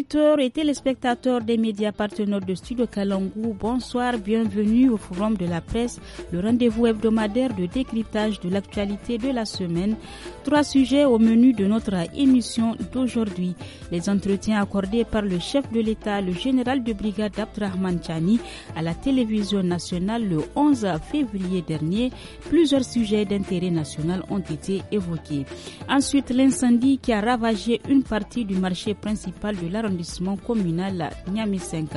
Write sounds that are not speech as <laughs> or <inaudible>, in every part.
auditeurs et téléspectateurs des médias partenaires de Studio Kalangou, bonsoir, bienvenue au Forum de la presse, le rendez-vous hebdomadaire de décryptage de l'actualité de la semaine. Trois sujets au menu de notre émission d'aujourd'hui. Les entretiens accordés par le chef de l'État, le général de brigade Abdrahman Chani, à la télévision nationale le 11 février dernier. Plusieurs sujets d'intérêt national ont été évoqués. Ensuite, l'incendie qui a ravagé une partie du marché principal de la l'arrondissement communal Nyamis 5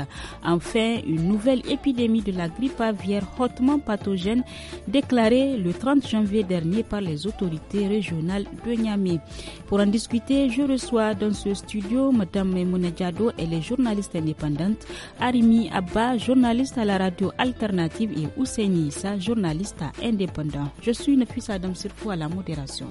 Enfin, une nouvelle épidémie de la grippe aviaire hautement pathogène déclarée le 30 janvier dernier par les autorités régionales de Niamey. Pour en discuter, je reçois dans ce studio Madame Memouna Diado, elle est journaliste indépendante, Arimi Abba, journaliste à la radio alternative et Ousseini Issa, journaliste indépendant. Je suis Nafisa Adam Sirfou à la modération.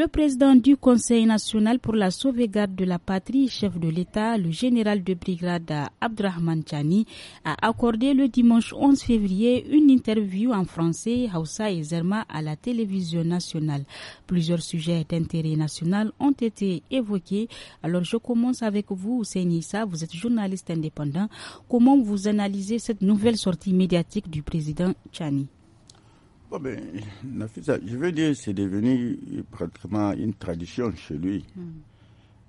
Le président du Conseil national pour la sauvegarde de la patrie, chef de l'État, le général de brigade Abdrahman Chani, a accordé le dimanche 11 février une interview en français, Hausa et Zerma à la télévision nationale. Plusieurs sujets d'intérêt national ont été évoqués. Alors je commence avec vous, Nissa, vous êtes journaliste indépendant. Comment vous analysez cette nouvelle sortie médiatique du président Chani? je veux dire, c'est devenu pratiquement une tradition chez lui. Hmm.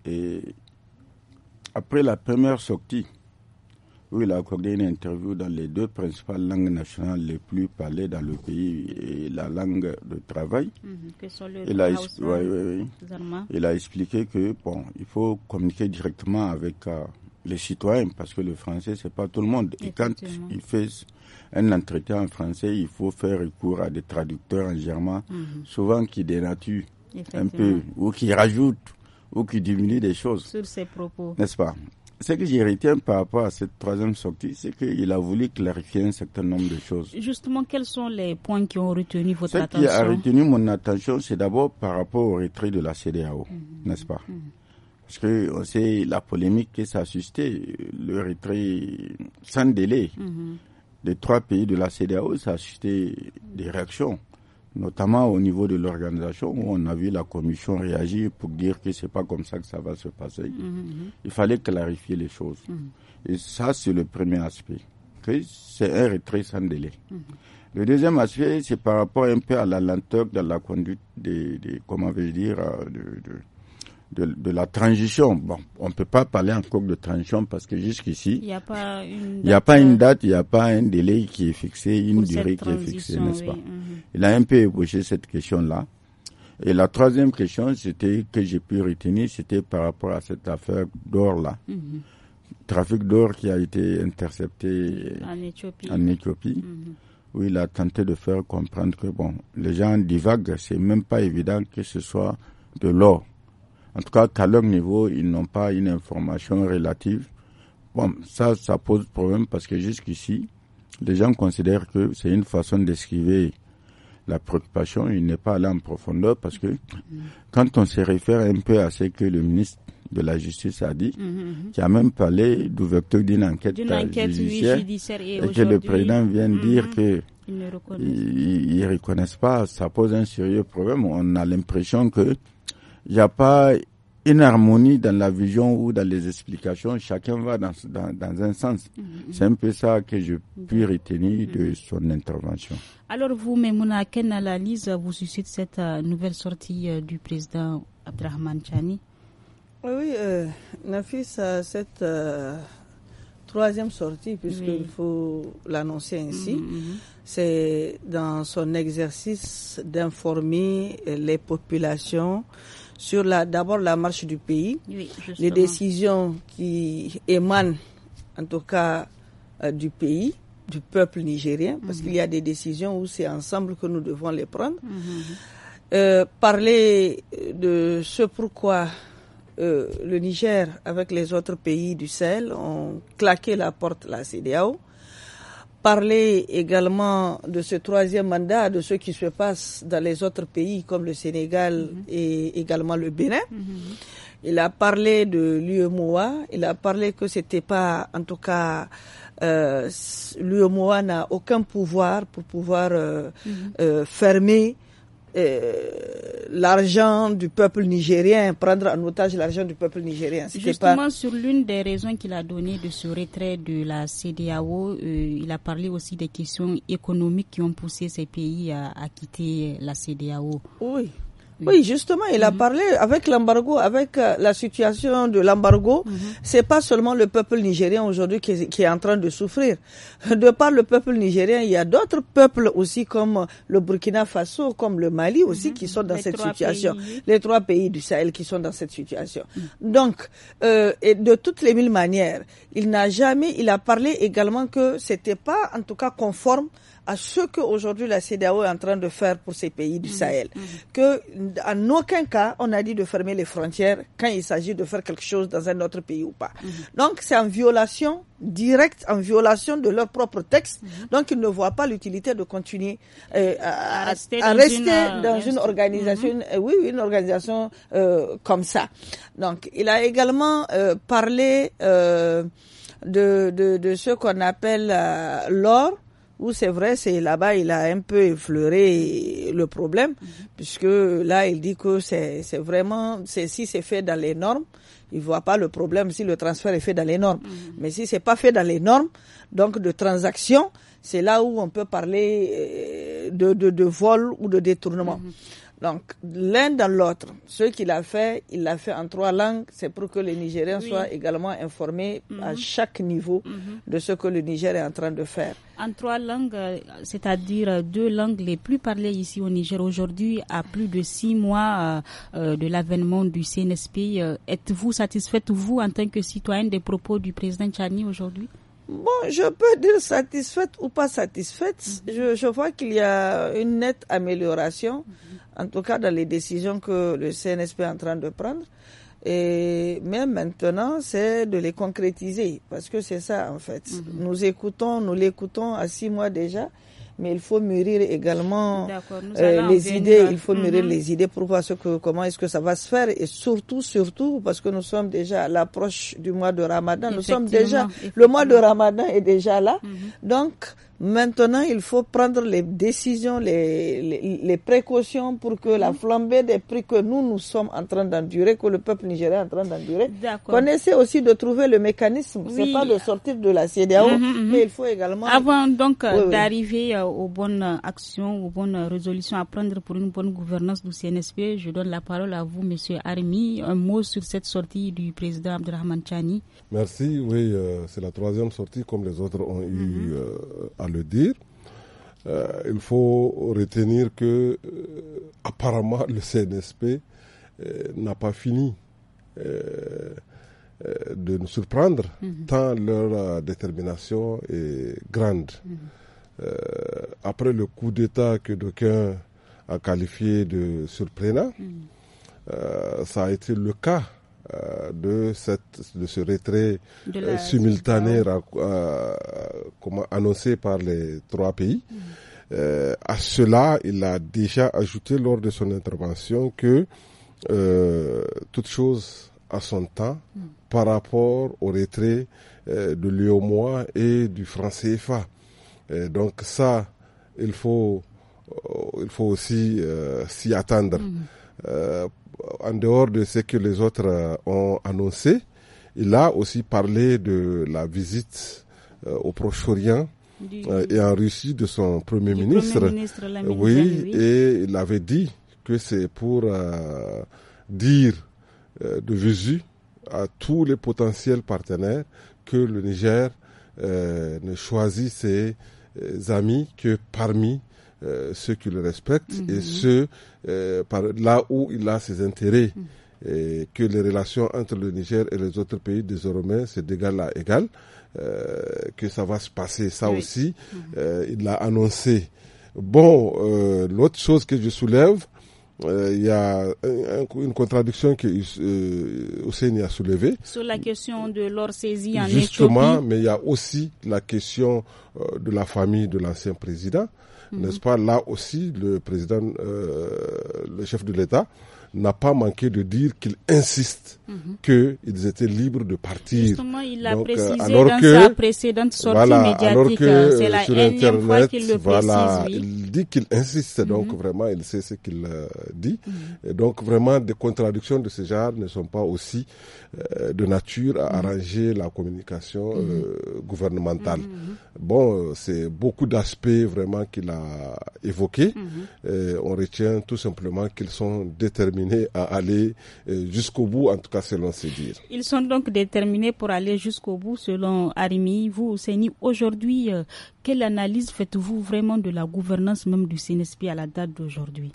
Et après la première sortie, où il a accordé une interview dans les deux principales langues nationales les plus parlées dans le pays et la langue de travail. il, a expliqué que bon, il faut communiquer directement avec euh, les citoyens parce que le français c'est pas tout le monde. Et quand il fait un entretien en français, il faut faire recours à des traducteurs en germain, mhm. souvent qui dénaturent un peu, ou qui rajoutent, ou qui diminuent des choses. Sur ses propos. N'est-ce pas ce que j'y retiens par rapport à cette troisième sortie, c'est qu'il a voulu clarifier un certain nombre de choses. Justement, quels sont les points qui ont retenu votre attention Ce qui a retenu mon attention, c'est d'abord par rapport au retrait de la CDAO, mhm. n'est-ce pas mhm. Parce que sait la polémique qui s'est a le retrait sans délai des trois pays de la CDAO, ça a des réactions, notamment au niveau de l'organisation où on a vu la commission réagir pour dire que c'est pas comme ça que ça va se passer. Mmh, mmh, mmh. Il fallait clarifier les choses. Et ça, c'est le premier aspect. C'est un retrait sans délai. Le deuxième aspect, c'est par rapport un peu à la lenteur dans la conduite des, comment vais-je dire, euh, de de, la transition. Bon, on ne peut pas parler encore de transition parce que jusqu'ici, il n'y a, pas une, a pas une date, il n'y a pas un délai qui est fixé, une durée qui est fixée, n'est-ce pas mhm. Il a un peu ébauché cette question-là. Et la troisième question, c'était que j'ai pu retenir, c'était par rapport à cette affaire d'or-là. Mhm. Trafic d'or qui a été intercepté en Éthiopie. En Éthiopie. Mhm. où il a tenté de faire comprendre que bon, les gens divaguent, c'est même pas évident que ce soit de l'or. En tout cas, qu'à leur niveau, ils n'ont pas une information relative. Bon, ça, ça pose problème parce que jusqu'ici, les gens considèrent que c'est une façon d'esquiver la préoccupation. Il n'est pas allé en profondeur parce que quand on se réfère un peu à ce que le ministre de la justice a dit, mhm, mhm. qui a même parlé d'ouverture d'une enquête, judiciaire, et, que le président vient mhm, dire que ils ne reconnaissent. reconnaissent. pas, ça pose un sérieux problème. On a l'impression que il n'y a pas une harmonie dans la vision ou dans les explications. Chacun va dans, dans, dans un sens. Mm-hmm. C'est un peu ça que je puis retenir de mm-hmm. son intervention. Alors vous, Memouna, quelle analyse vous suscite cette euh, nouvelle sortie euh, du président Abdrahman Chani Oui, euh, Nafis, cette troisième sortie, puisqu'il faut l'annoncer ainsi, mm-hmm, c'est dans son exercice d'informer les populations sur la d'abord la marche du pays, les décisions qui émanent en tout cas euh, du pays, du peuple nigérien, parce mhm. qu'il y a des décisions où c'est ensemble que nous devons les prendre. Mhm, mhm. Euh, parler de ce pourquoi euh, le Niger, avec les autres pays du Sahel, ont claqué la porte à la CDAO parler également de ce troisième mandat, de ce qui se passe dans les autres pays comme le Sénégal mhm. et également le Bénin. Mhm. Il a parlé de l'UEMOA, il a parlé que c'était pas, en tout cas, euh, l'UEMOA n'a aucun pouvoir pour pouvoir euh, mhm. euh, fermer euh, l'argent du peuple nigérien, prendre en otage l'argent du peuple nigérien. Justement, sur l'une des raisons qu'il a donné de ce retrait de la CDAO, euh, il a parlé aussi des questions économiques qui ont poussé ces pays à quitter la CDAO. Oui, oui, mm-hmm. justement, il a mm-hmm. parlé avec l'embargo, avec euh, la situation de l'embargo. Mm-hmm. C'est pas seulement le peuple nigérien aujourd'hui qui, est en train de souffrir. De par le peuple nigérien, il y a d'autres peuples aussi comme le Burkina Faso, comme le Mali aussi qui sont dans cette situation. Les trois pays du Sahel qui sont dans cette situation. Mm. Donc, euh, et de toutes les mille manières, il n'a jamais, il a parlé également que c'était pas, en tout cas, conforme à ce que aujourd'hui la CDAO est en train de faire pour ces pays du Sahel. Que en aucun cas, on a dit de fermer les frontières quand il s'agit de faire quelque chose dans un autre pays ou pas. Mhm. Donc, c'est en violation directe, en violation de leur propre texte. Mhm. Donc, ils ne voient pas l'utilité de continuer euh, à, rester dans, une, euh, organisation, mhm. euh, oui, une organisation comme ça. Donc, il a également parlé de, de, de, ce qu'on appelle l'or où c'est vrai, c'est là-bas, il a un peu effleuré le problème, puisque là, il dit que c'est vraiment, si c'est fait dans les normes, il voit pas le problème si le transfert est fait dans les normes. Mm-hmm. Mais si c'est pas fait dans les normes, donc de transaction, c'est là où on peut parler euh, de, de, vol ou de détournement. Mm-hmm. Donc, l'un dans l'autre. Ce qu'il a fait, il l'a fait en trois langues. C'est pour que les Nigériens soient également informés à mhm. chaque niveau mhm. de ce que le Niger est en train de faire. En trois langues, euh, c'est-à-dire euh, deux langues les plus parlées ici au Niger aujourd'hui, à plus de six mois euh, de l'avènement du CNSP. Êtes-vous satisfaite, vous, en tant que citoyenne, des propos du président Chani aujourd'hui Bon, je peux dire satisfaite ou pas satisfaite. Mhm. je, vois qu'il y a une nette amélioration en tout cas dans les décisions que le CNSP est en train de prendre. Et même maintenant, c'est de les concrétiser, parce que c'est ça en fait. Mhm. Nous écoutons, nous l'écoutons à six mois déjà, mais il faut mûrir également euh, les idées. Il faut mûrir mhm. les idées pour voir ce que, comment est-ce que ça va se faire, et surtout, surtout, parce que nous sommes déjà à l'approche du mois de Ramadan. Nous sommes déjà, le mois de Ramadan est déjà là, mhm. donc Maintenant, il faut prendre les décisions, les, les, précautions pour que la flambée des prix que nous, nous sommes en train d'endurer, que le peuple nigérien est en train d'endurer, qu'on essaie aussi de trouver le mécanisme. C'est pas de sortir de la CDAO, mm-hmm, mm-hmm. mais il faut également... Avant donc euh, d'arriver euh, aux bonnes actions, aux bonnes résolutions à prendre pour une bonne gouvernance du CNSP, je donne la parole à vous, Monsieur Armi. Un mot sur cette sortie du président Abdelrahman Chani. Merci. Oui, euh, c'est la troisième sortie, comme les autres ont eu... Mm-hmm. à le dire. Euh, il faut retenir que euh, apparemment le CNSP euh, n'a pas fini de nous surprendre, mhm. tant leur détermination est grande. Mhm. après le coup d'État que d'aucuns a qualifié de surprenant, mhm. ça a été le cas euh, de, cette, de ce retrait euh, simultané euh, annoncé par les trois pays. Mm. à cela, il a déjà ajouté lors de son intervention que toute chose à son temps mm. par rapport au retrait de l'UOMOA et du franc CFA. donc ça, il faut, il faut aussi s'y attendre. Mm en dehors de ce que les autres euh, ont annoncé, il a aussi parlé de la visite euh, au Proche-Orient euh, et en Russie de son Premier ministre. oui, et il avait dit que c'est pour dire de Jésus à tous les potentiels partenaires que le Niger ne choisit ses amis que parmi euh, ceux qui le respectent et mhm. ceux euh, par là où il a ses intérêts. Mhm. Et que les relations entre le Niger et les autres pays désormais, c'est d'égal à égal, euh, que ça va se passer. Ça aussi, mhm. il l'a annoncé. Bon, l'autre chose que je soulève, il y a une contradiction que Hussein a soulevée. Sur la question de l'or saisie en Justement, mais il y a aussi la question de la famille de l'ancien président. Mhm. N'est-ce pas Là aussi, le président, euh, le chef de l'État, n'a pas manqué de dire qu'il insiste mhm. qu'ils étaient libres de partir. il euh, alors que, sa sur Internet, il dit qu'il insiste. Mhm. Donc vraiment, il sait ce qu'il euh, dit. donc vraiment, des contradictions de ce genre ne sont pas aussi de nature à arranger la communication gouvernementale. Bon, c'est beaucoup d'aspects vraiment qu'il a évoqué, euh, on retient tout simplement qu'ils sont déterminés à aller euh, jusqu'au bout, en tout cas selon ces dires. Ils sont donc déterminés pour aller jusqu'au bout, selon Arimi. Vous, Seigny, aujourd'hui, euh, quelle analyse faites-vous vraiment de la gouvernance même du CNSP à la date d'aujourd'hui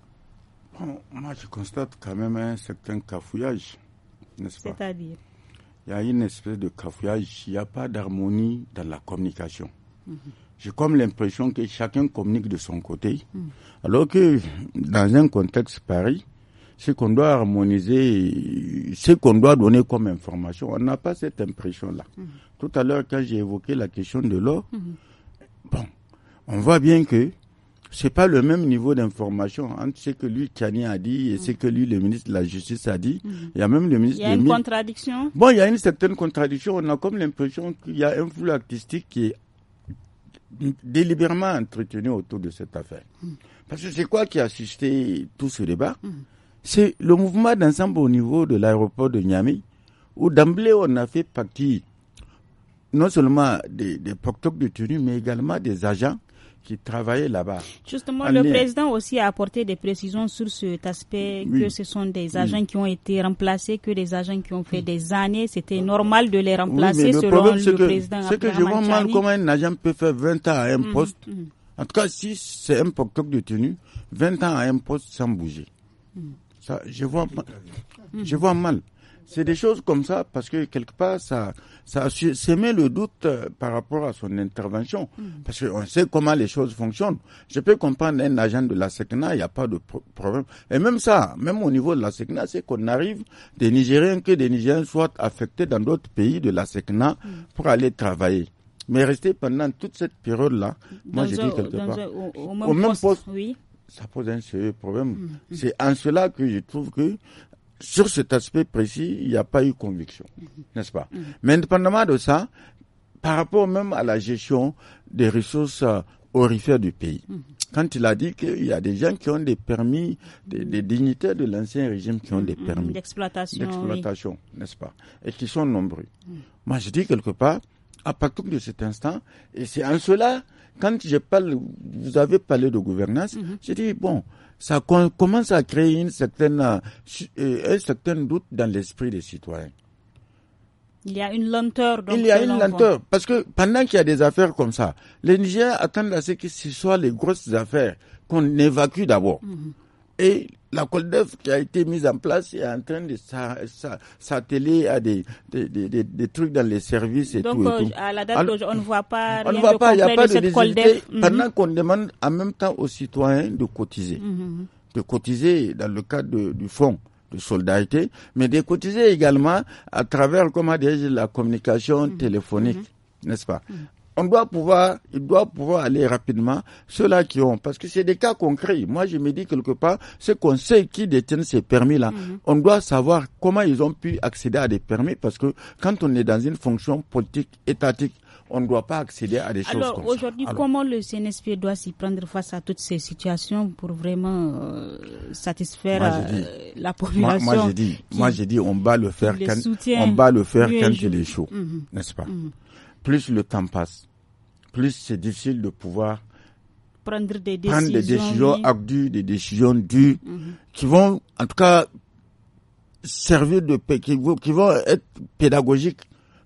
Moi, je constate quand même un certain cafouillage, n'est-ce pas C'est-à-dire Il y a une espèce de cafouillage, il n'y a pas d'harmonie dans la communication. Mhm j'ai comme l'impression que chacun communique de son côté, hmm. alors que dans un contexte Paris, ce qu'on doit harmoniser, ce qu'on doit donner comme information, on n'a pas cette impression-là. Hmm. Tout à l'heure, quand j'ai évoqué la question de l'eau, hmm. bon, on voit bien que c'est pas le même niveau d'information entre ce que lui Tchani a dit et ce que lui le ministre de la Justice a dit. Il y a même le ministre. Il y a une contradiction. Bon, il y a une certaine contradiction. On a comme l'impression qu'il y a un flux artistique qui est délibérément entretenu autour de cette affaire. Hmm. Parce que c'est quoi qui a suscité tout ce débat hmm. C'est le mouvement d'ensemble au niveau de l'aéroport de Niamey, où d'emblée on a fait partie non seulement des, des de tenue, mais également des agents qui travaillaient là-bas. Justement, le président aussi a apporté des précisions sur cet aspect, que ce sont des agents qui ont été remplacés, que des agents qui ont fait des années. C'était normal de les remplacer le problème, le que, C'est que je vois mal comment un agent peut faire 20 ans à un hum, poste. Hum. En tout cas, si c'est un poc de tenue, 20 ans à un poste sans bouger. Hum. Ça, je vois, je vois mal. C'est des choses comme ça parce que quelque part, ça, ça a le doute euh, par rapport à son intervention. Mm. Parce qu'on sait comment les choses fonctionnent. Je peux comprendre un agent de la SECNA, il n'y a pas de problème. Et même ça, même au niveau de la SECNA, c'est qu'on arrive des Nigériens, que des Nigériens soient affectés dans d'autres pays de la SECNA mm. pour aller travailler. Mais rester pendant toute cette période-là, moi je dis quelque part, au, même, poste, oui. ça pose un sérieux problème. Mm. C'est en cela que je trouve que sur cet aspect précis, il n'y a pas eu conviction, mhm. n'est-ce pas mhm. Mais indépendamment de ça, par rapport même à la gestion des ressources euh, orifères du pays, mhm. quand il a dit qu'il y a des gens qui ont des permis, des, dignitaires de l'ancien régime qui ont des permis d'exploitation, d'exploitation n'est-ce pas Et qui sont nombreux. Moi, je dis quelque part, à partir de cet instant, et c'est en cela, quand je parle, vous avez parlé de gouvernance, j'ai dit, bon, ça commence à créer une certaine, euh, euh, un certain doute dans l'esprit des citoyens. Il y a une lenteur. Il y a une lenteur. Parce que pendant qu'il y a des affaires comme ça, les Nigériens attendent à ce que ce soit les grosses affaires qu'on évacue d'abord. Mhm. Et la Coldef qui a été mise en place est en train de s'atteler à des, trucs dans les services et tout. Donc euh, à la date on ne voit pas on rien voit pas, il n'y a pas de, cette Pendant mhm. qu'on demande en même temps aux citoyens de cotiser, mhm, mhm. de cotiser dans le cadre du fonds de solidarité, mais de cotiser également à travers, comment la communication téléphonique, n'est-ce pas on doit pouvoir, il doit pouvoir aller rapidement, ceux-là qui ont, parce que c'est des cas concrets. Moi, je me dis quelque part, ce conseil qui détient ces permis-là, mhm. on doit savoir comment ils ont pu accéder à des permis, parce que quand on est dans une fonction politique, étatique, on ne doit pas accéder à des choses Alors, Alors aujourd'hui, comment le CNSP doit s'y prendre face à toutes ces situations pour vraiment satisfaire la population Moi, j'ai dit, moi on va le faire quand, on va le faire quand il est chaud, mhm. n'est-ce pas mhm plus le temps passe, plus c'est difficile de pouvoir prendre des décisions, prendre des décisions des décisions dues, mhm. qui vont, en tout cas, servir de, qui qui vont être pédagogiques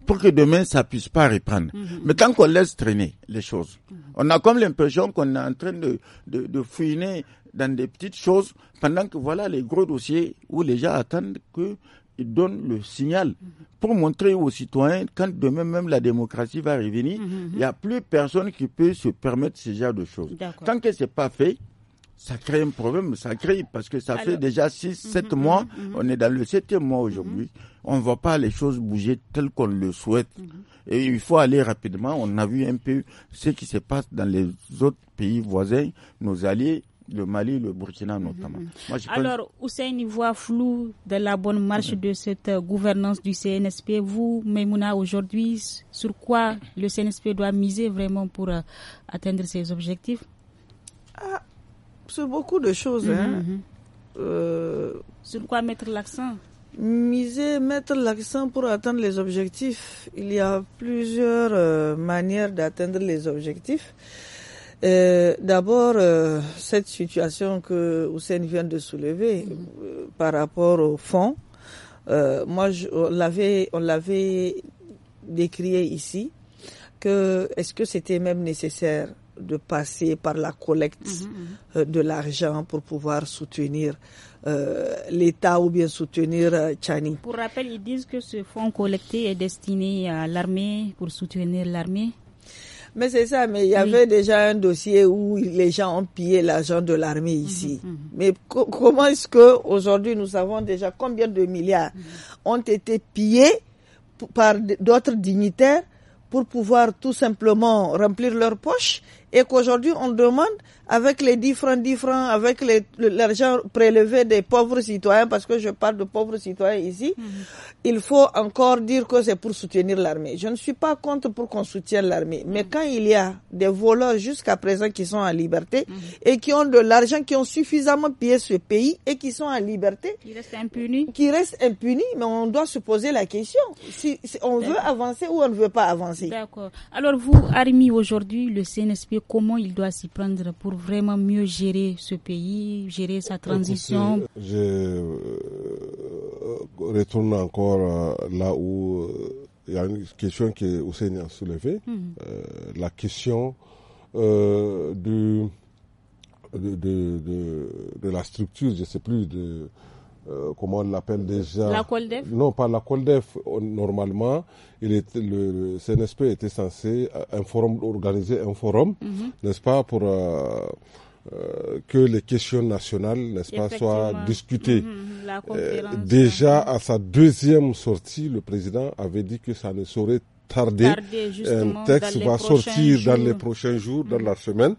pour que demain ça puisse pas reprendre. Mhm. Mais tant qu'on laisse traîner les choses, mhm. on a comme l'impression qu'on est en train de, de, fouiner dans des petites choses pendant que voilà les gros dossiers où les gens attendent que donne le signal pour montrer aux citoyens quand demain même la démocratie va revenir, mhm, mhm. il y n'y a plus personne qui peut se permettre ce genre de choses. Tant que c'est pas fait, ça crée un problème, ça crée parce que ça fait déjà 6, 7 mhm, mois, on est dans le septième mois aujourd'hui. On ne voit pas les choses bouger telles qu'on le souhaite. Et il faut aller rapidement. On a vu un peu ce qui se passe dans les autres pays voisins, nos alliés le Mali, le Burkina notamment. Alors, mhm. où Moi, Alors, Hussein, voit flou de la bonne marche de cette euh, gouvernance du CNSP. Vous, Memouna, aujourd'hui, sur quoi le CNSP doit miser vraiment pour euh, atteindre ses objectifs ah, C'est beaucoup de choses. Mhm, hein. mhm. Euh, sur quoi mettre l'accent Miser, mettre l'accent pour atteindre les objectifs. Il y a plusieurs manières d'atteindre les objectifs. Euh, d'abord, euh, cette situation que Hussein vient de soulever mhm. euh, par rapport au fond, moi, je, on l'avait décrié ici, que est-ce que c'était même nécessaire de passer par la collecte mhm, mhm. de l'argent pour pouvoir soutenir l'État ou bien soutenir Tchani Chani. Pour rappel, ils disent que ce fonds collecté est destiné à l'armée, pour soutenir l'armée. Mais c'est ça, mais il y avait déjà un dossier où les gens ont pillé l'argent de l'armée mhm, ici. Mhm. Mais comment est-ce que aujourd'hui nous savons déjà combien de milliards mhm. ont été pillés par d'autres dignitaires pour pouvoir tout simplement remplir leurs poches et qu'aujourd'hui on demande avec les francs, 10 10 francs, avec l'argent prélevé des pauvres citoyens, parce que je parle de pauvres citoyens ici, mhm. il faut encore dire que c'est pour soutenir l'armée. Je ne suis pas contre pour qu'on soutienne l'armée, mais mhm. quand il y a des voleurs jusqu'à présent qui sont en liberté mhm. et qui ont de l'argent, qui ont suffisamment pillé ce pays et qui sont en liberté, qui restent impunis, qui reste impuni, mais on doit se poser la question si, on veut avancer ou on ne veut pas avancer. D'accord. Alors vous, Armi, aujourd'hui, le CNSP comment il doit s'y prendre pour vraiment mieux gérer ce pays, gérer sa transition Je euh, retourne encore euh, là où euh, il y a une question que Hussein a soulevée, hmm. la question de, de, la structure, je ne sais plus, de, euh, comment on l'appelle déjà La Coldef Non, pas la Coldef. Euh, normalement, le, CNSP était censé euh, organiser un forum, mhm. n'est-ce pas, pour que les questions nationales, n'est-ce pas, soient discutées. Mhm, mhm, déjà à sa deuxième sortie, le président avait dit que ça ne saurait tarder. un texte va sortir dans les prochains jours, dans la semaine.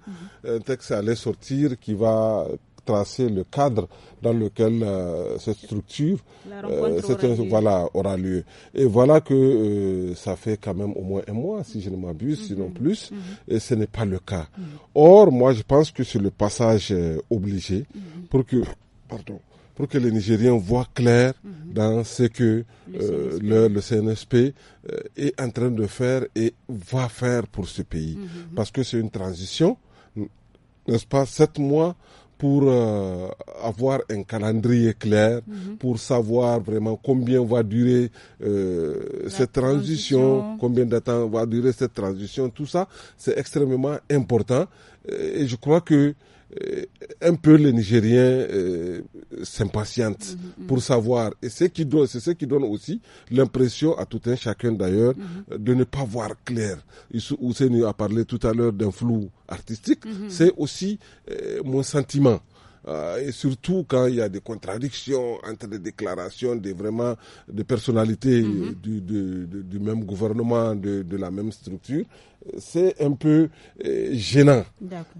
Un texte allait sortir qui va tracer le cadre dans lequel euh, cette structure euh, aura, lieu. Voilà, aura lieu. Et voilà que euh, ça fait quand même au moins un mois, si je ne m'abuse, sinon mhm. plus, mhm. et ce n'est pas le cas. Mhm. Or, moi, je pense que c'est le passage obligé pour que, pardon, pour que les Nigériens voient clair dans ce que le, CNSP est en train de faire et va faire pour ce pays. Parce que c'est une transition, n'est-ce pas Sept mois pour euh, avoir un calendrier clair, mhm. pour savoir vraiment combien va durer euh, cette transition, transition. combien de temps va durer cette transition, tout ça, c'est extrêmement important. Euh, et je crois que euh, un peu les Nigériens euh, s'impatientent mhm, mhm. pour savoir. Et c'est ce qui donne aussi l'impression à tout un chacun d'ailleurs mhm. de ne pas voir clair. Ousseni a parlé tout à l'heure d'un flou artistique. C'est aussi euh, mon sentiment. Euh, et surtout quand il y a des contradictions entre les déclarations des vraiment des personnalités mhm. du, du, même gouvernement, de, de la même structure, c'est un peu euh, gênant.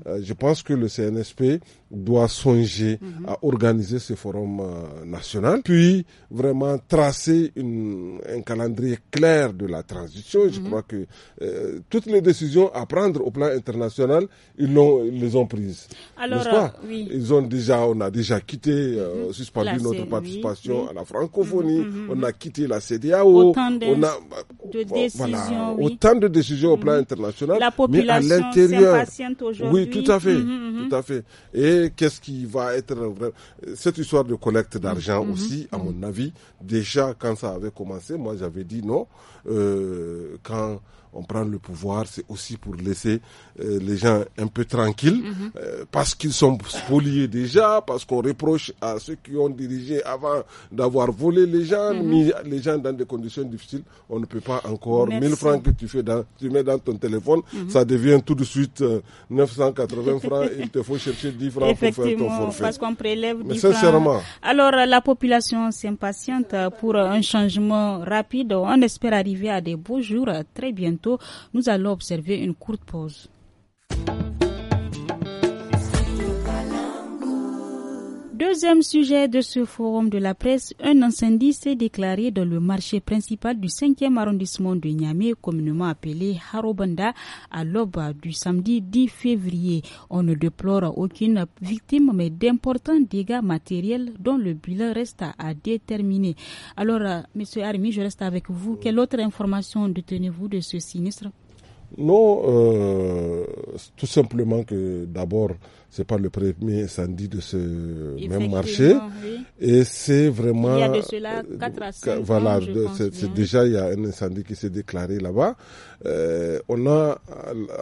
Euh, je pense que le CNSP doit songer mhm. à organiser ce forum national, puis vraiment tracer un calendrier clair de la transition. Je mhm. crois que toutes les décisions à prendre au plan international, ils, les ont prises. Alors, ils ont déjà, on a déjà quitté, euh, mhm. suspendu notre participation à la francophonie, mhm, mhm, on a quitté la CDAO, autant de, on a, de décisions, autant de décisions au plan international, la population mais à l'intérieur. Oui, tout à fait, tout à fait. Et qu'est-ce qui va être cette histoire de collecte d'argent aussi, à mon avis, déjà quand ça avait commencé, moi j'avais dit non, euh, quand on prend le pouvoir, c'est aussi pour laisser euh, les gens un peu tranquilles, mhm. euh, parce qu'ils sont spoliés déjà, parce qu'on reproche à ceux qui ont dirigé avant d'avoir volé les gens, mhm. mis les gens dans des conditions difficiles. On ne peut pas encore mille 1000 francs que tu fais dans, tu mets dans ton téléphone, mhm. ça devient tout de suite 980 euh, <laughs> francs. Il te faut chercher 10 francs pour faire ton forfait. Parce qu'on prélève Mais sincèrement. Alors la population s'impatiente pour un changement rapide. On espère arriver à des beaux jours très bientôt. Nous allons observer une courte pause. deuxième sujet de ce forum de la presse, un incendie s'est déclaré dans le marché principal du cinquième arrondissement de Niamey, communément appelé Harobanda, à l'aube du samedi 10 février. On ne déplore aucune victime, mais d'importants dégâts matériels dont le bilan reste à déterminer. Alors, euh, Monsieur Armi, je reste avec vous. Quelle autre information détenez-vous de ce sinistre non, euh, tout simplement que d'abord, c'est pas le premier incendie de ce même marché. Et c'est vraiment. Il y a euh, Voilà, c'est déjà, il y a un incendie qui s'est déclaré là-bas. Euh, on a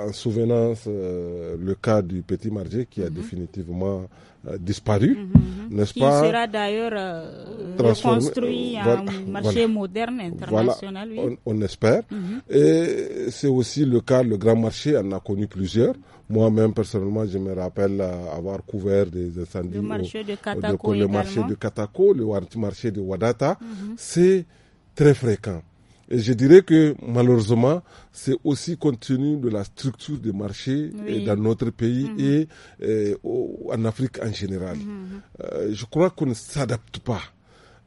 en souvenance euh, le cas du petit marché qui a mhm. définitivement euh, disparu, mhm, mhm. n'est-ce pas Qui sera d'ailleurs euh, reconstruit en marché moderne international. on, espère. Mhm. Et c'est aussi le cas, le grand marché en a connu plusieurs. Moi-même, personnellement, je me rappelle euh, avoir couvert des incendies. Le marché de Katako, le marché de Katako, le marché de Wadata. C'est très fréquent. Et je dirais que malheureusement, c'est aussi compte tenu de la structure des marchés dans notre pays mhm. et, euh, en Afrique en général. Mhm. Euh, je crois qu'on ne s'adapte pas.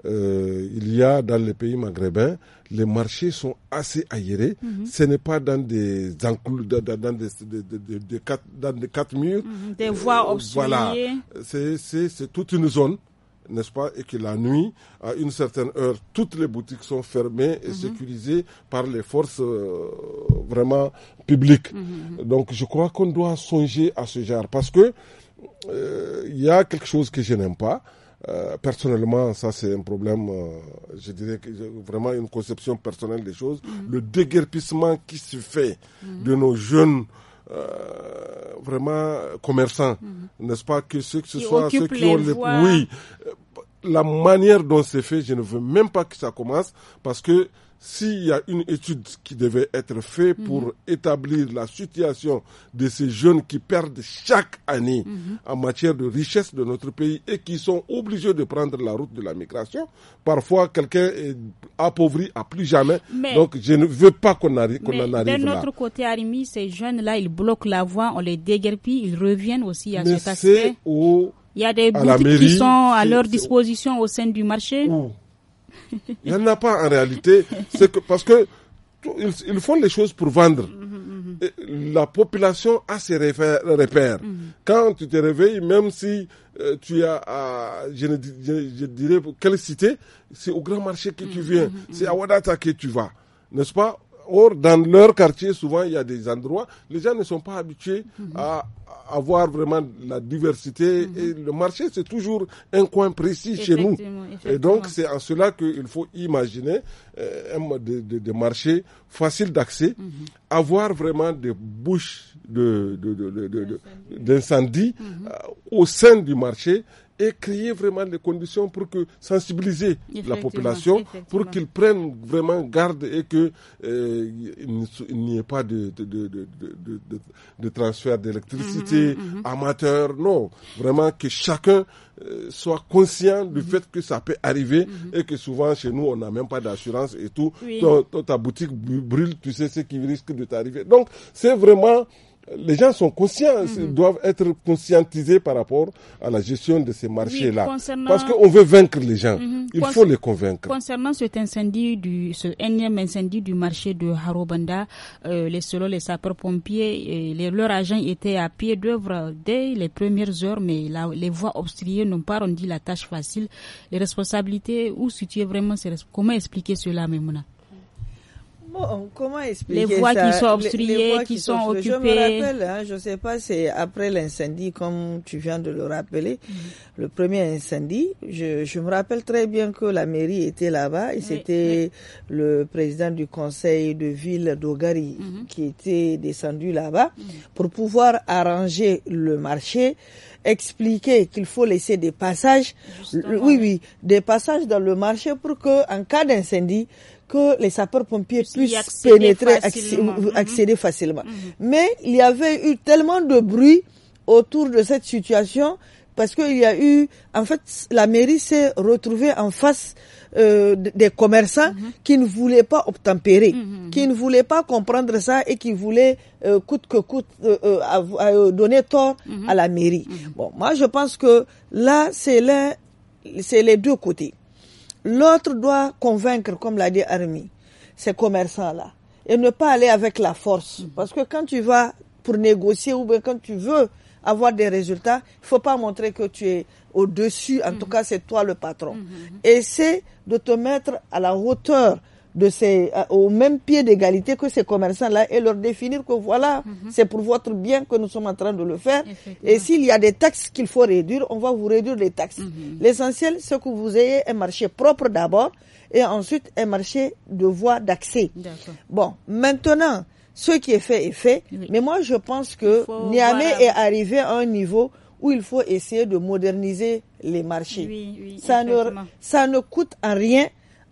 Euh, il y a dans les pays maghrébins, les marchés sont assez aérés. Mhm. Ce n'est pas dans des dans, dans des, quatre, dans des quatre murs. Des voies obstruées. Voilà. C'est toute une zone n'est-ce pas, et que la nuit, à une certaine heure, toutes les boutiques sont fermées et mhm. sécurisées par les forces euh, vraiment publiques. Mhm, mhm. Donc je crois qu'on doit songer à ce genre, parce que euh, il y a quelque chose que je n'aime pas. Euh, personnellement, ça c'est un problème, je dirais que vraiment une conception personnelle des choses, le déguerpissement qui se fait de nos jeunes euh, vraiment commerçants, mhm. n'est-ce pas que que ce soit ceux qui ont les oui euh, la manière dont c'est fait, je ne veux même pas que ça commence parce que s'il y a une étude qui devait être faite mhm. pour établir la situation de ces jeunes qui perdent chaque année mhm. en matière de richesse de notre pays et qui sont obligés de prendre la route de la migration, parfois quelqu'un est appauvri à plus jamais. Donc je ne veux pas qu'on en arrive là. D'un autre côté, Arimi, ces jeunes-là, ils bloquent la voie, on les déguerpit, ils reviennent aussi à mais cet Il y a des boutiques qui sont à leur disposition au, sein du marché. <laughs> Il n'y en a pas en réalité. C'est que, parce que ils, font les choses pour vendre. Mhm, mhm, mhm. La population a ses repères. Quand tu te réveilles, même si euh, tu as, à, je, dirais, quelle cité, c'est au grand marché que tu viens, c'est à Wadata que tu vas, n'est-ce pas Or, dans leur quartier, souvent, il y a des endroits, les gens ne sont pas habitués mhm. à avoir vraiment la diversité. Mhm. Et le marché, c'est toujours un coin précis chez nous. Et donc, c'est en cela qu'il faut imaginer euh, des, marchés faciles d'accès, mhm. avoir vraiment des bouches d'incendie de, euh, au sein du marché et créer vraiment les conditions pour que sensibiliser la population, pour qu'ils prennent vraiment garde et que euh, il n'y ait pas de, de, de, de transfert d'électricité mhm, mhm, mhm. amateur. Non, vraiment que chacun euh, soit conscient du fait que ça peut arriver et que souvent chez nous on n'a même pas d'assurance et tout. Ta, ta boutique brûle, tu sais ce qui risque de t'arriver. Donc c'est vraiment les gens sont conscients, mhm. doivent être conscientisés par rapport à la gestion de ces marchés-là. Parce qu'on veut vaincre les gens. Mhm. Il faut les convaincre. Concernant cet incendie, du, ce énième incendie du marché de Harobanda, euh, les selon les sapeurs-pompiers, euh, leur leurs agents étaient à pied d'œuvre dès les premières heures, mais les voies obstruées n'ont pas rendu la tâche facile. Les responsabilités, où situer vraiment ces Comment expliquer cela, Memouna Bon, comment expliquer Les voies qui sont obstruées, qui, sont, occupées. Je me rappelle, hein, je sais pas, c'est après l'incendie, comme tu viens de le rappeler, mhm. le premier incendie. Je, me rappelle très bien que la mairie était là-bas et c'était le président du conseil de ville d'Ogari mhm. qui était descendu là-bas mhm. pour pouvoir arranger le marché expliquer qu'il faut laisser des passages, oui, oui, des passages dans le marché pour que, en cas d'incendie, que les sapeurs-pompiers puissent pénétrer, mhm. Accéder, facilement. Mhm. Mais il y avait eu tellement de bruit autour de cette situation parce qu'il y a eu, en fait, la mairie s'est retrouvée en face euh, des commerçants mhm. qui ne voulaient pas obtempérer, qui ne voulaient pas comprendre ça et qui voulaient euh, coûte que coûte euh, euh, euh donner tort à la mairie. Bon, moi je pense que là c'est c'est les deux côtés. L'autre doit convaincre, comme l'a dit Armi, ces commerçants-là. Et ne pas aller avec la force. Mhm. Parce que quand tu vas pour négocier ou bien quand tu veux avoir des résultats, il faut pas montrer que tu es au-dessus. En tout mhm. cas, c'est toi le patron. Mhm. et Essaie de te mettre à la hauteur de ces, euh, au même pied d'égalité que ces commerçants-là et leur définir que voilà, mhm. c'est pour votre bien que nous sommes en train de le faire. Et s'il y a des taxes qu'il faut réduire, on va vous réduire les taxes. Mhm. L'essentiel, c'est que vous ayez un marché propre d'abord et ensuite un marché de voie d'accès. Bon, maintenant, ce qui est fait est fait, mais moi je pense que Niamey est arrivé à un niveau où il faut essayer de moderniser les marchés. ça, ne, ça ne coûte rien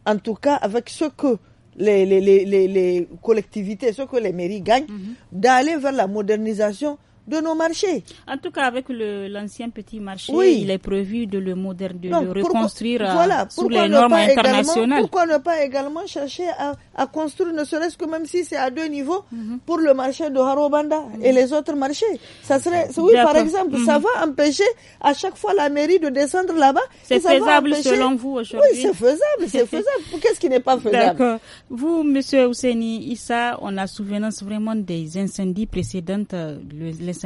en tout cas avec ce que les, collectivités, ce que les mairies gagnent, mhm. d'aller vers la modernisation de nos marchés. En tout cas, avec l'ancien petit marché, il est prévu de le, moderniser, de le reconstruire euh, sous les normes internationales. Pourquoi ne pas également chercher à, construire, ne serait-ce que même si c'est à deux niveaux, mhm. pour le marché de Harobanda et mhm. les autres marchés Ça serait, oui, par exemple, ça mhm. va empêcher à chaque fois la mairie de descendre là-bas. C'est faisable selon vous aujourd'hui Oui, c'est faisable, c'est <laughs> faisable. Qu'est-ce qui n'est pas faisable Vous, Monsieur Ouseni Issa, on a souvenance vraiment des incendies précédentes, euh,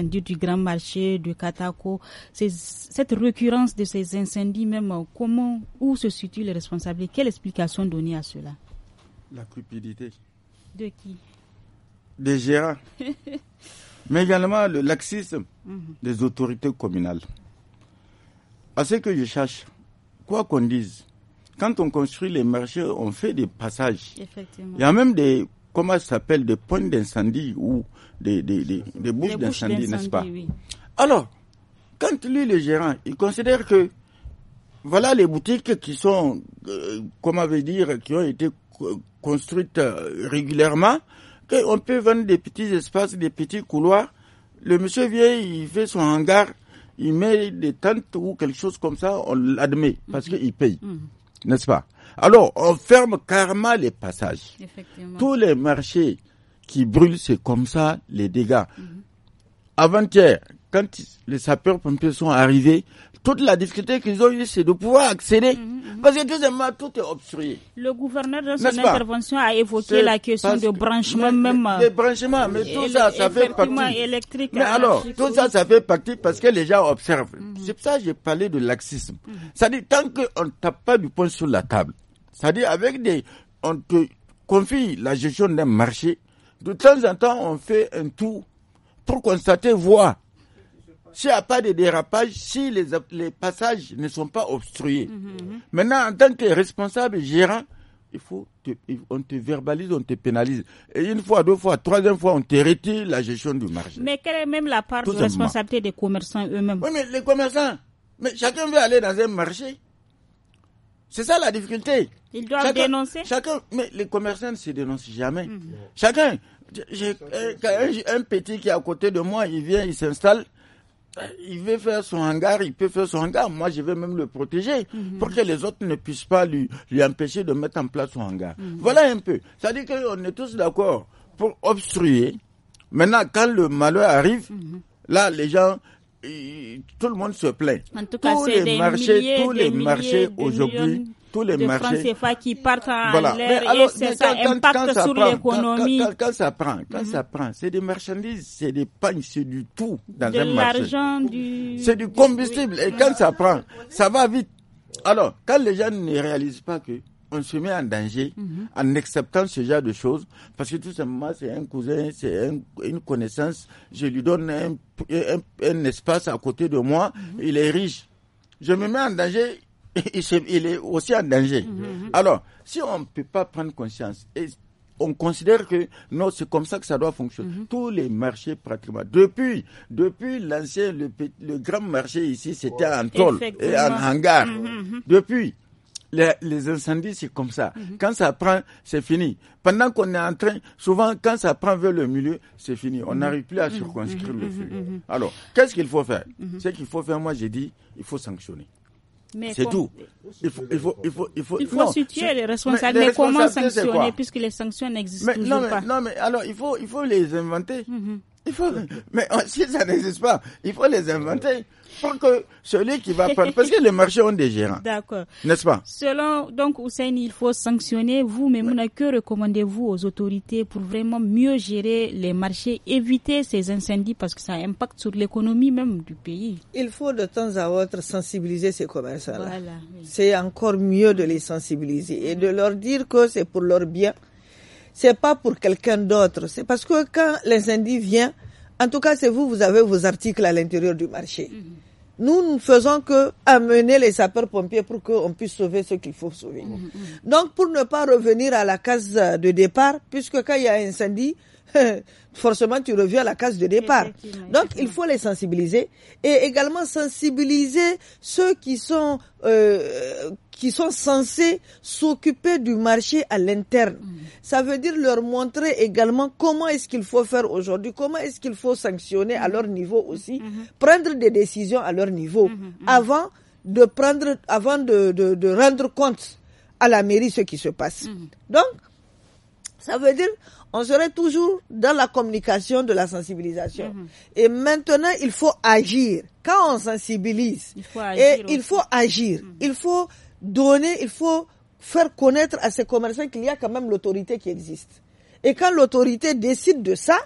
du grand marché, du Katako, cette récurrence de ces incendies même, comment, où se situent les responsables Quelle explication donner à cela La cupidité. De qui Des gérants. <laughs> Mais également le laxisme mhm. des autorités communales. À ce que je cherche, quoi qu'on dise, quand on construit les marchés, on fait des passages. Effectivement. Il y a même des comment ça s'appelle, des points d'incendie ou des, des, des, des bouches d'incendie, n'est-ce pas Alors, quand lui, le gérant, il considère que voilà les boutiques qui sont, euh, comment veut dire, qui ont été construites euh, régulièrement, qu'on peut vendre des petits espaces, des petits couloirs. Le monsieur vient, il fait son hangar, il met des tentes ou quelque chose comme ça, on l'admet parce mhm. qu'il paye, mhm. n'est-ce pas alors, on ferme carrément les passages. Tous les marchés qui brûlent, c'est comme ça les dégâts. Mhm. Avant-hier, quand les sapeurs-pompiers sont arrivés, toute la difficulté qu'ils ont eue, c'est de pouvoir accéder. Mhm, mhm. Parce que deuxièmement, tout est obstrué. Le gouverneur, dans son intervention, a évoqué la question de branchement même. De branchement, mais euh, tout ça, ça fait partie. Électrique mais alors, tout ça, ça fait partie parce que les gens observent. Mhm. C'est pour ça que j'ai parlé de laxisme. C'est-à-dire, tant qu'on ne tape pas du poing sur la table, c'est-à-dire avec des... On te confie la gestion d'un marché, de temps en temps, on fait un tour pour constater, voir s'il n'y a pas de dérapage, si les, les passages ne sont pas obstrués. Mhm, mhm. Maintenant, en tant que responsable gérant, il faut on te verbalise, on te pénalise. Et une fois, deux fois, troisième fois, on te retire la gestion du marché. Mais quelle est même la part de responsabilité des commerçants eux-mêmes Oui, mais les commerçants, mais chacun veut aller dans un marché. C'est ça la difficulté. Ils doivent dénoncer. Chacun, mais les commerçants ne se dénoncent jamais. Mhm. Chacun. Euh, un, un petit qui est à côté de moi, il vient, il s'installe. Euh, il veut faire son hangar, il peut faire son hangar. Moi, je vais même le protéger mhm. pour que les autres ne puissent pas lui, lui empêcher de mettre en place son hangar. Mhm. Voilà un peu. cest à qu'on est tous d'accord pour obstruer. Maintenant, quand le malheur arrive, mhm. là, les gens, tout le monde se plaint. En tout cas, tous les marchés, tous les marchés aujourd'hui tous les de CFA qui partent à l'air et ça, impacte sur l'économie. Quand, ça prend, quand mhm. ça prend, c'est des marchandises, c'est des pagnes, c'est du tout dans de un marché. l'argent, du... C'est du combustible. Et quand ça prend, ça va vite. Alors, quand les gens ne réalisent pas que on se met en danger mhm. en acceptant ce genre de choses, parce que tout simplement, c'est un cousin, c'est une connaissance, je lui donne un, espace à côté de moi, mhm. il est riche. Je me mets en danger, il, est aussi en danger. Mhm, mhm. Alors, si on ne peut pas prendre conscience, et on considère que non, c'est comme ça que ça doit fonctionner. Mhm. Tous les marchés pratiquement. Depuis, depuis l'ancien, le, grand marché ici, c'était en tôle et en hangar. Depuis, les, incendies, c'est comme ça. Quand ça prend, c'est fini. Pendant qu'on est en train, souvent, quand ça prend vers le milieu, c'est fini. On n'arrive plus à circonscrire le feu. Alors, qu'est-ce qu'il faut faire Ce qu'il faut faire, moi, j'ai dit, il faut sanctionner. C'est tout. Il faut, il situer les responsables. Mais, comment sanctionner puisque les sanctions n'existent toujours mais, pas Non, mais alors il faut, il faut les inventer. Mm-hmm mais si ça n'existe pas, il faut les inventer pour que celui qui va prendre, parce que les marchés ont des gérants. D'accord. N'est-ce pas? Selon, donc, Hussein, il faut sanctionner. Vous, mais Mouna, que recommandez-vous aux autorités pour vraiment mieux gérer les marchés, éviter ces incendies parce que ça impacte sur l'économie même du pays? Il faut de temps à autre sensibiliser ces commerçants-là. C'est encore mieux de les sensibiliser et de leur dire que c'est pour leur bien c'est pas pour quelqu'un d'autre. C'est parce que quand l'incendie vient, en tout cas, c'est vous, vous avez vos articles à l'intérieur du marché. Mhm. Nous, ne faisons que amener les sapeurs-pompiers pour qu'on puisse sauver ce qu'il faut sauver. Mhm, mhm. Donc, pour ne pas revenir à la case de départ, puisque quand il y a un incendie, <laughs> forcément tu reviens à la case de départ. Donc il faut les sensibiliser et également sensibiliser ceux qui sont euh, qui sont censés s'occuper du marché à l'interne. Mm. Ça veut dire leur montrer également comment est-ce qu'il faut faire aujourd'hui, comment est-ce qu'il faut sanctionner à mm. leur niveau aussi, mm-hmm. prendre des décisions à leur niveau mm-hmm, mm-hmm. avant de prendre avant de, de rendre compte à la mairie ce qui se passe. Donc ça veut dire on serait toujours dans la communication de la sensibilisation. Mhm. Et maintenant, il faut agir. Quand on sensibilise, il faut agir. Et il faut, agir. Mhm. il faut donner, il faut faire connaître à ces commerçants qu'il y a quand même l'autorité qui existe. Et quand l'autorité décide de ça,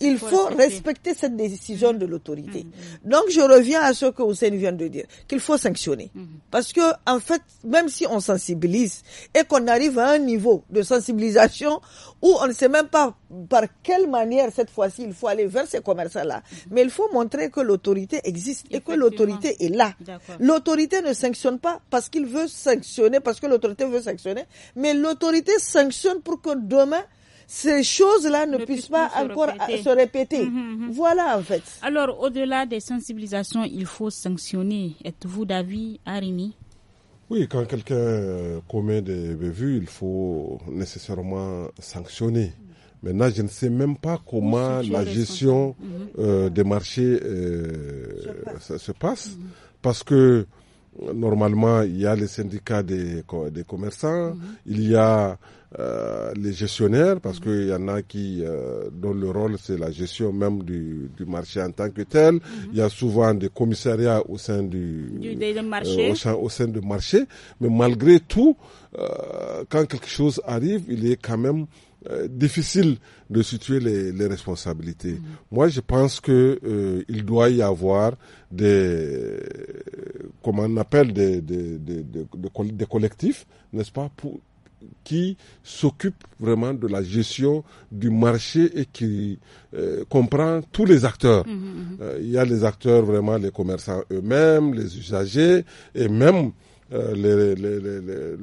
il faut, respecter cette décision de l'autorité. Mm, mm. Donc je reviens à ce que Hussein vient de dire, qu'il faut sanctionner. Mm. Parce que en fait, même si on sensibilise et qu'on arrive à un niveau de sensibilisation où on ne sait même pas par quelle manière cette fois-ci il faut aller vers ces commerçants-là, mais il faut montrer que l'autorité existe et que l'autorité est là. L'autorité ne sanctionne pas parce qu'il veut sanctionner, parce que l'autorité veut sanctionner, mais l'autorité sanctionne pour que demain, ces choses-là ne, puissent pas encore euh, se répéter. Mhm, mhm. Voilà en fait. Alors au-delà des sensibilisations, il faut sanctionner. Êtes-vous d'avis, Arimi Oui, quand quelqu'un euh, commet des bévues, il faut nécessairement sanctionner. Maintenant, je ne sais même pas comment la gestion mhm. euh, des marchés se passe, parce que normalement, il y a les syndicats des, des commerçants, mhm. il y a euh, les gestionnaires, parce mhm. qu'il y en a qui, euh, dont le rôle, c'est la gestion même du, du, marché en tant que tel. Mhm. Il y a souvent des commissariats au sein du, du euh, au, sein, au, sein, du marché. Mais malgré tout, euh, quand quelque chose arrive, il est quand même euh, difficile de situer les, responsabilités. Mm-hmm. Moi, je pense que euh, il doit y avoir des, euh, comment on appelle, des, des, collectifs, n'est-ce pas, pour, qui s'occupe vraiment de la gestion du marché et qui euh, comprend tous les acteurs. Mm-hmm, mm-hmm. il y a les acteurs vraiment, les commerçants eux-mêmes, les usagers et même euh, les, les,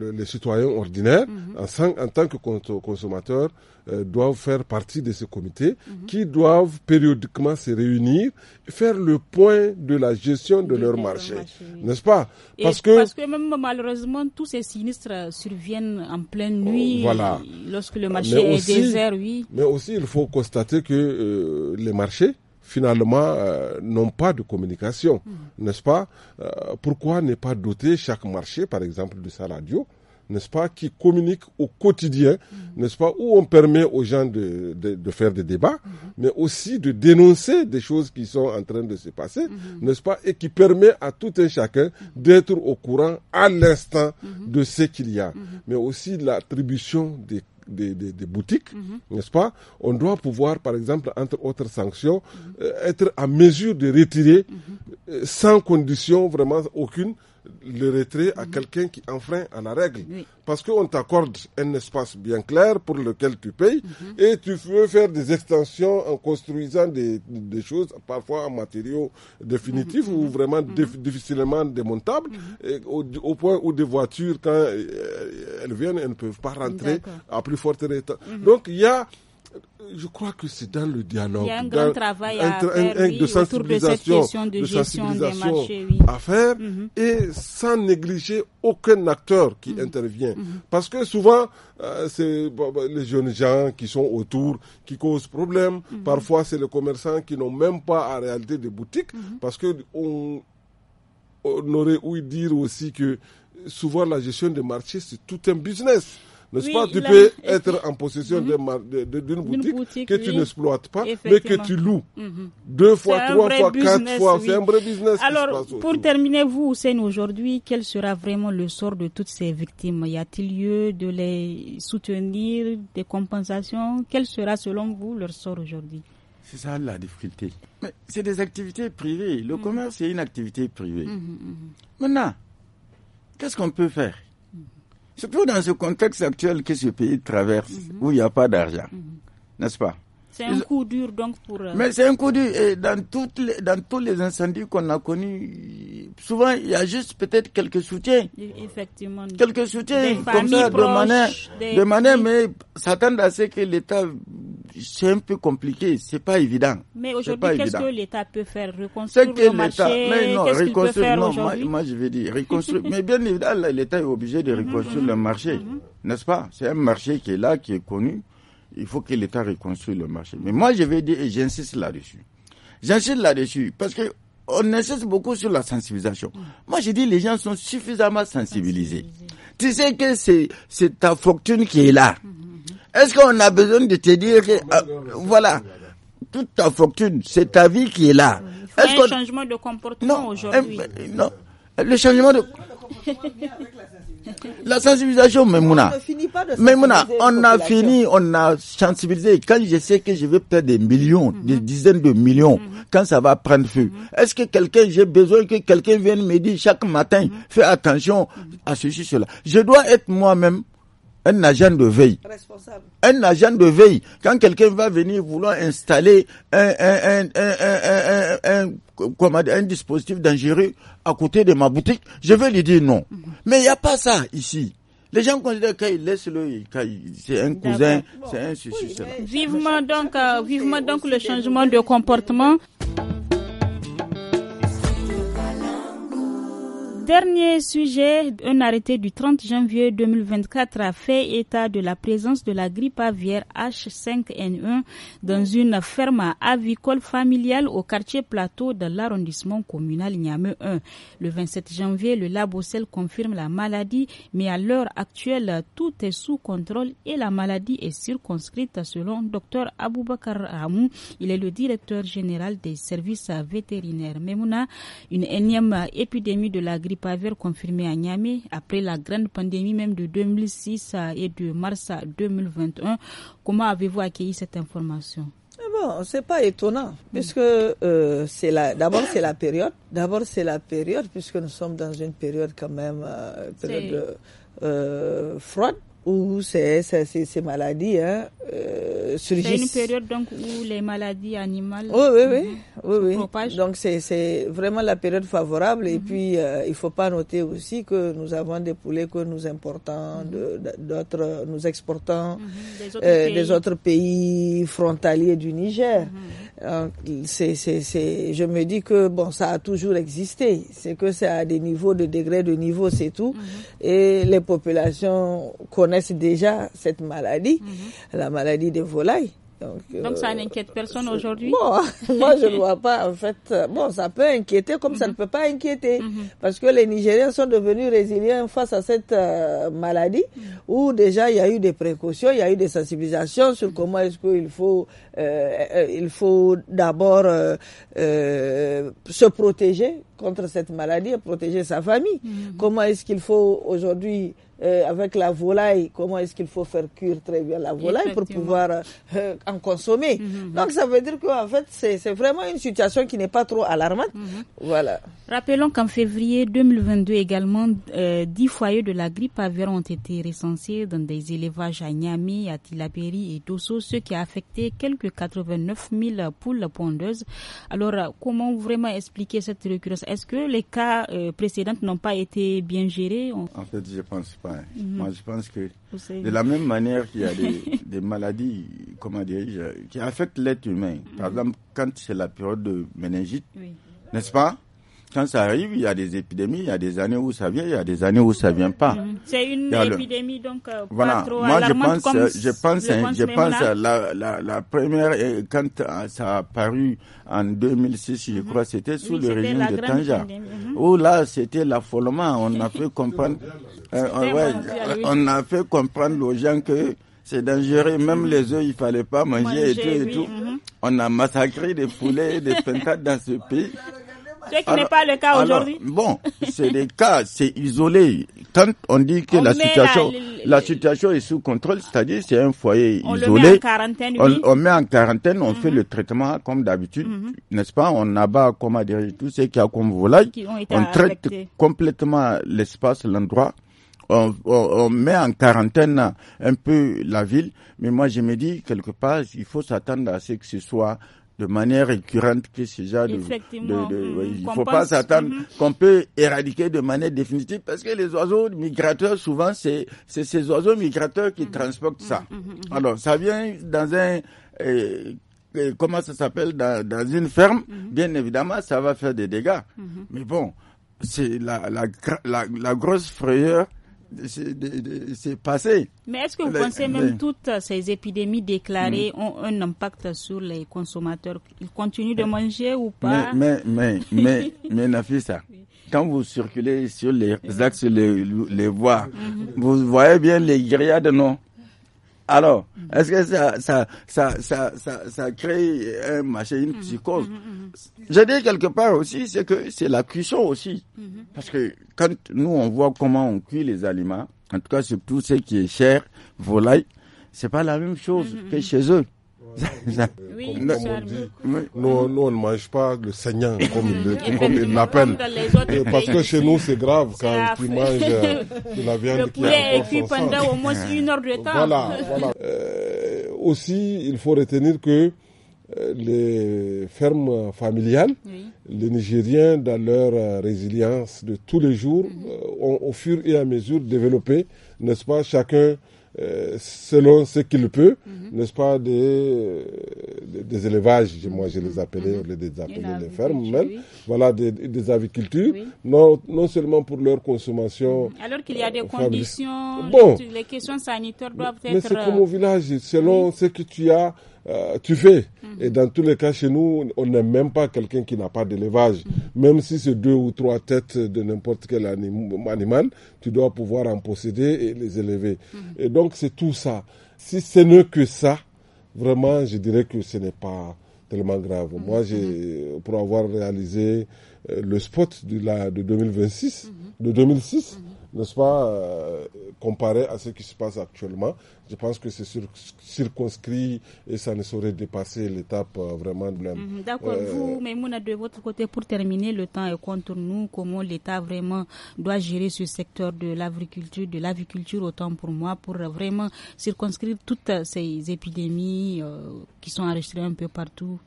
les, les, citoyens ordinaires, mhm. en, tant que consommateurs, euh, doivent faire partie de ce comité mhm. qui doivent périodiquement se réunir, faire le point de la gestion de, leur marché, n'est-ce pas parce que, parce que même malheureusement tous ces sinistres surviennent en pleine oh, nuit, voilà. lorsque le marché est désert, oui. Mais aussi il faut constater que euh, les marchés finalement, non euh, n'ont pas de communication, hmm. n'est-ce pas euh, Pourquoi ne pas doter chaque marché, par exemple, de sa radio n'est-ce pas, qui communique au quotidien, hmm. n'est-ce pas, où on permet aux gens de, de, faire des débats, hmm. mais aussi de dénoncer des choses qui sont en train de se passer, n'est-ce pas, et qui permet à tout un chacun d'être au courant à l'instant de ce qu'il y a, mais aussi l'attribution des des, boutiques, mhm. n'est-ce pas On doit pouvoir, par exemple, entre autres sanctions, euh, être à mesure de retirer mhm. euh, sans condition vraiment aucune le retrait à quelqu'un qui enfreint à la règle. Parce qu'on t'accorde un espace bien clair pour lequel tu payes mhm. et tu veux faire des extensions en construisant des, choses, parfois en matériaux définitifs mhm. ou mhm. vraiment difficilement démontables, au, point où des voitures, quand euh, elles viennent, elles ne peuvent pas rentrer à plus forte raison. Donc il y a je crois que c'est dans le dialogue. un travail de sensibilisation, de, à faire mhm. et sans négliger aucun acteur qui mhm. intervient. Mhm. Parce que souvent, euh, c'est les jeunes gens qui sont autour qui causent problème. Parfois, c'est les commerçants qui n'ont même pas à réalité de boutique parce que on, aurait ouï dire aussi que souvent la gestion des marchés, c'est tout un business. N'est-ce pas Tu peux être en possession mhm. d'une boutique, que tu n'exploites pas, mais que tu loues. Mhm. Deux fois, trois fois, quatre fois. C'est un vrai business. Alors, pour terminer, vous, Hussein, aujourd'hui, quel sera vraiment le sort de toutes ces victimes Y a-t-il lieu de les soutenir, des compensations Quel sera, selon vous, leur sort aujourd'hui c'est ça la difficulté. Mais c'est des activités privées. Le mhm. commerce, c'est une activité privée. Maintenant, qu'est-ce qu'on peut faire Surtout dans ce contexte actuel que ce pays traverse, mhm. où il n'y a pas d'argent, mhm. n'est-ce pas c'est un coup dur donc pour. Euh, mais c'est un coup dur. Et dans, toutes les, dans tous les incendies qu'on a connus, souvent il y a juste peut-être quelques soutiens. E, effectivement. Quelques soutiens comme ça, de manière. De manière, mais s'attendre à ce que l'État. C'est un peu compliqué, c'est pas évident. Mais aujourd'hui, qu'est-ce que l'État peut faire Reconstruire le marché mais non, reconstruire, non, moi, je vais dire reconstruire. <laughs> mais bien évidemment, l'État est obligé de reconstruire mhm, le mhm, marché, mhm. n'est-ce pas C'est un marché qui est là, qui est connu il faut que l'État reconstruise le marché. Mais moi, je vais dire, et j'insiste là-dessus. J'insiste là-dessus parce que on insiste beaucoup sur la sensibilisation. Moi, je dis, les gens sont suffisamment sensibilisés. Tu sais que c'est, c'est ta fortune qui est là. Est-ce qu'on a besoin de te dire que, ah, voilà, toute ta fortune, c'est ta vie qui est là. Est-ce un changement de comportement aujourd'hui. Non, le changement de la sensibilisation, Mais Mouna on a fini, on a sensibilisé. Quand je sais que je vais perdre des millions, mhm. des dizaines de millions, mhm. quand ça va prendre feu, mhm. est-ce que quelqu'un, j'ai besoin que quelqu'un vienne me dire chaque matin, fais attention à ceci, cela. Je dois être moi-même un agent de veille. Un agent de veille. Quand quelqu'un va venir vouloir installer un, un, dispositif dangereux à côté de ma boutique, je vais lui dire non. Mhm. Mais il n'y a pas ça ici. Les gens considèrent qu'ils laissent le, c'est un cousin, c'est un Vivement donc, euh, vivement donc le changement de comportement. Dernier sujet, un arrêté du 30 janvier 2024 a fait état de la présence de la grippe aviaire H5N1 dans une ferme avicole familiale au quartier Plateau de l'arrondissement communal Niame 1. Le 27 janvier, le labosel confirme la maladie, mais à l'heure actuelle, tout est sous contrôle et la maladie est circonscrite selon Dr Aboubakar Hamou. Il est le directeur général des services vétérinaires. Memouna, une énième épidémie de la grippe avoir confirmé à Niamey après la grande pandémie même de 2006 et de mars 2021. Comment avez-vous accueilli cette information ah Bon, c'est pas étonnant, hmm. puisque euh, c'est la. D'abord, c'est la période. D'abord, c'est la période, puisque nous sommes dans une période quand même euh, euh, froide où ces, c'est ces maladies hein, euh, surgissent. C'est une période donc où les maladies animales oui, oui, oui, mhm. oui. propagent. Donc c'est vraiment la période favorable. Et mhm. puis euh, il ne faut pas noter aussi que nous avons des poulets que nous importons, mhm. de d'autres nous exportons des, euh, autres pays frontaliers du Niger. Euh, je me dis que bon, ça a toujours existé. C'est que ça a des niveaux de degrés de niveau, c'est tout. Mhm. Et les populations connaissent déjà cette maladie, mhm. la maladie des volailles. Euh, Donc, ça n'inquiète personne aujourd'hui bon, <laughs> Moi, je ne <laughs> vois pas. En fait, bon, ça peut inquiéter comme ça ne mhm. peut pas inquiéter. Mhm. Parce que les Nigériens sont devenus résilients face à cette euh, maladie mhm. où déjà il y a eu des précautions, il y a eu des sensibilisations sur comment est-ce qu'il faut, euh, il faut d'abord se protéger contre cette maladie protéger sa famille. Comment est-ce qu'il faut aujourd'hui euh, avec la volaille, comment est-ce qu'il faut faire cuire très bien la volaille pour pouvoir euh, en consommer. Mhm, mhm. Donc ça veut dire qu'en fait, c'est vraiment une situation qui n'est pas trop alarmante. Mhm. Voilà. Rappelons qu'en février 2022 également, 10 euh, foyers de la grippe aviaire ont été recensés dans des élevages à Niamey, à Tilaberi et tous ce qui a affecté quelques 89 000 poules pondeuses. Alors, comment vraiment expliquer cette récurrence Est-ce que les cas précédents n'ont pas été bien gérés En fait, je pense pas Mhm. Moi, je pense que de la même manière qu'il y a des, <laughs> maladies, comment dire, qui affectent l'être humain. Par mhm. exemple, quand c'est la période de méningite, n'est-ce pas quand ça arrive, il y a des épidémies, il y a des années où ça vient, il y a des années où ça vient pas. Mm-hmm. C'est une épidémie donc euh, voilà. Moi, je euh, hein, pense, je pense, je pense, la, la, première euh, quand ça a paru en 2006, je crois, mm-hmm. c'était sous le régime de Tanja. Mm-hmm. Où là, c'était l'affolement. On a fait <laughs> comprendre, on a fait comprendre aux gens que c'est dangereux. Même les œufs, il fallait pas manger, et tout. Et tout. On a massacré des poulets des pintades dans ce pays. <laughs> Ce qui n'est pas le cas aujourd'hui. Bon, c'est des cas, c'est isolé. Quand on dit que la situation, la, situation est sous contrôle, c'est-à-dire c'est un foyer isolé. met en quarantaine, oui. on, met en quarantaine, on fait mhm. le traitement comme d'habitude, mhm. n'est-ce pas On abat, comment dire, tout ce qu'il a comme On traite complètement l'espace, l'endroit. On, on, met en quarantaine un peu la ville, mais moi je me dis quelque part, il faut s'attendre à ce que ce soit de manière récurrente que ce genre de... il ne faut pas s'attendre mm-hmm. qu'on peut éradiquer de manière définitive parce que les oiseaux migrateurs, souvent, c'est ces oiseaux migrateurs qui mm-hmm. transportent ça. Mm-hmm. Alors, ça vient dans un... Euh, euh, comment ça s'appelle dans, dans, une ferme, bien évidemment, ça va faire des dégâts. Mais bon, c'est la, la, la, grosse frayeur c'est passé. Mais est-ce que vous pensez même toutes ces épidémies déclarées hmm. ont un impact sur les consommateurs Ils continuent de manger ou pas Mais, mais, mais, mais, <laughs> Nafisa, quand vous circulez sur les axes, les, voies, mhm. vous voyez bien les grillades, non alors, est-ce que ça, ça, ça, ça, ça, crée un machin, une psychose mm-hmm, mm-hmm, mm-hmm. J'ai dit quelque part aussi, c'est que c'est la cuisson aussi. Parce que quand nous, on voit comment on cuit les aliments, en tout cas, surtout ce qui est cher, volaille, c'est pas la même chose que chez eux oui, nous, on ne mange pas le saignant, <laughs> comme il l'appellent Parce que chez nous, c'est grave quand tu manges euh, <laughs> de la viande le poulet est cuit pendant au moins une heure de temps. Voilà, <laughs> euh, aussi, il faut retenir que euh, les fermes familiales, les Nigériens, dans leur résilience de tous les jours, mm-hmm. ont au fur et à mesure développé, n'est-ce pas, chacun euh, selon ce qu'il peut, mhm. n'est-ce pas, des, des, élevages, moi je les mhm. appelais, mhm. les, fermes, même, voilà, des, des avicultures, non, non seulement pour leur consommation. Alors qu'il y a des euh, conditions, les questions sanitaires doivent être. Mais c'est comme au village, selon ce que tu as, euh, tu fais. Mhm. Et dans tous les cas, chez nous, on n'aime même pas quelqu'un qui n'a pas d'élevage. Mhm. Même si c'est deux ou trois têtes de n'importe quel animal, tu dois pouvoir en posséder et les élever. Mhm. Et donc, c'est tout ça. Si ce n'est que ça, vraiment, je dirais que ce n'est pas tellement grave. Moi, j'ai pour avoir réalisé euh, le spot de, la, de 2026, mhm. de 2006, mhm. n'est-ce pas, euh, comparé à ce qui se passe actuellement. Je pense que c'est circonscrit et ça ne saurait dépasser l'étape euh, vraiment de mhm. D'accord. vous vous, Maimouna, de votre côté, pour terminer, le temps est contre nous. Comment l'État vraiment doit gérer ce secteur de l'agriculture, de l'aviculture, autant pour moi, pour vraiment circonscrire toutes ces épidémies qui sont enregistrées un peu partout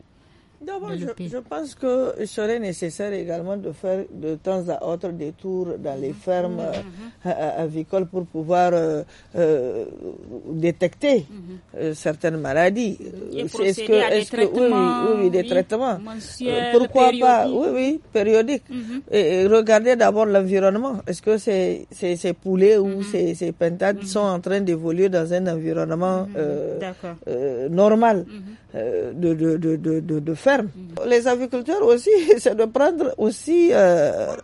D'abord, je, pense pense qu'il serait nécessaire également de faire de temps à autre des tours dans les mhm. fermes mhm. Euh, avicoles pour pouvoir euh, euh, détecter mhm. certaines maladies. Est-ce que, que oui, oui, des traitements. Pourquoi pas Oui, oui, périodique. Et, regardez d'abord l'environnement. Est-ce que ces, poulets ou ces, ces sont en train d'évoluer dans un environnement normal de, de, les agriculteurs aussi, <laughs> c'est de prendre aussi euh,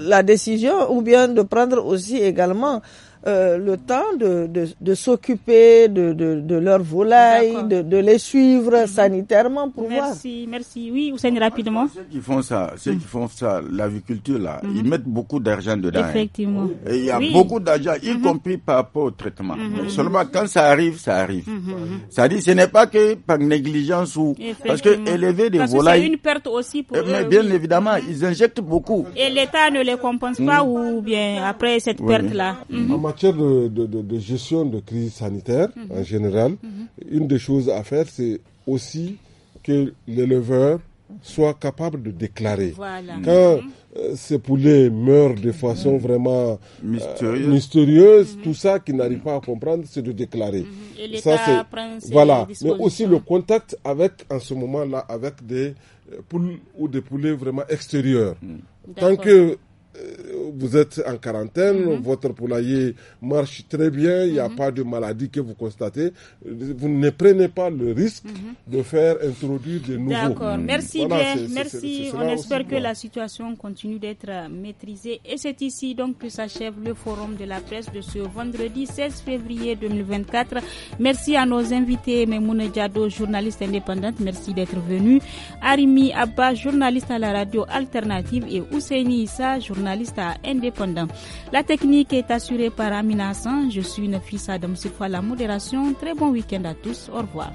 la décision ou bien de prendre aussi également euh, le temps de, de, s'occuper de, de, leurs volailles, de, les suivre mhm. sanitairement pour voir. Merci, merci. Oui, saignez rapidement. Ceux qui font ça, ceux qui mhm. font ça, l'agriculture là, ils mhm. mettent beaucoup d'argent dedans. Hein. Effectivement. Et il y a beaucoup d'argent, y compris par rapport au traitement. Seulement quand ça arrive, ça arrive. Ça dit, ce n'est pas que par négligence ou parce que élever des parce que C'est une perte aussi pour eux, eh, bien évidemment, ils injectent beaucoup. Et l'État ne les compense pas hmm. ou bien après cette perte là. Hmm matière de, gestion de crise sanitaire mhm. en général, mhm. une des choses à faire, c'est aussi que l'éleveur soit capable de déclarer. Quand mhm. euh, ces poulets meurent de façon vraiment euh, mystérieuse, tout ça qu'il n'arrive pas à comprendre, c'est de déclarer. Et ça, c'est voilà. Mais aussi le contact avec, en ce moment-là, avec des euh, poules ou des poulets vraiment extérieurs. Tant que euh, vous êtes en quarantaine, mhm. votre poulailler marche très bien, il n'y a mhm. pas de maladie que vous constatez. Vous ne prenez pas le risque mhm. de faire introduire de nouveaux. D'accord, merci bien, merci. On espère que la situation continue d'être maîtrisée. Et c'est ici donc que s'achève le forum de la presse de ce vendredi 16 février 2024. Merci à nos invités, Memouna Diado, journaliste indépendante, merci d'être venu. Arimi Abba, journaliste à la radio alternative, et Ousseini Issa, journaliste indépendant. La technique est assurée par Amina Hassan. Je suis une Nafisa Adam quoi la modération. Très bon week-end à tous. Au revoir.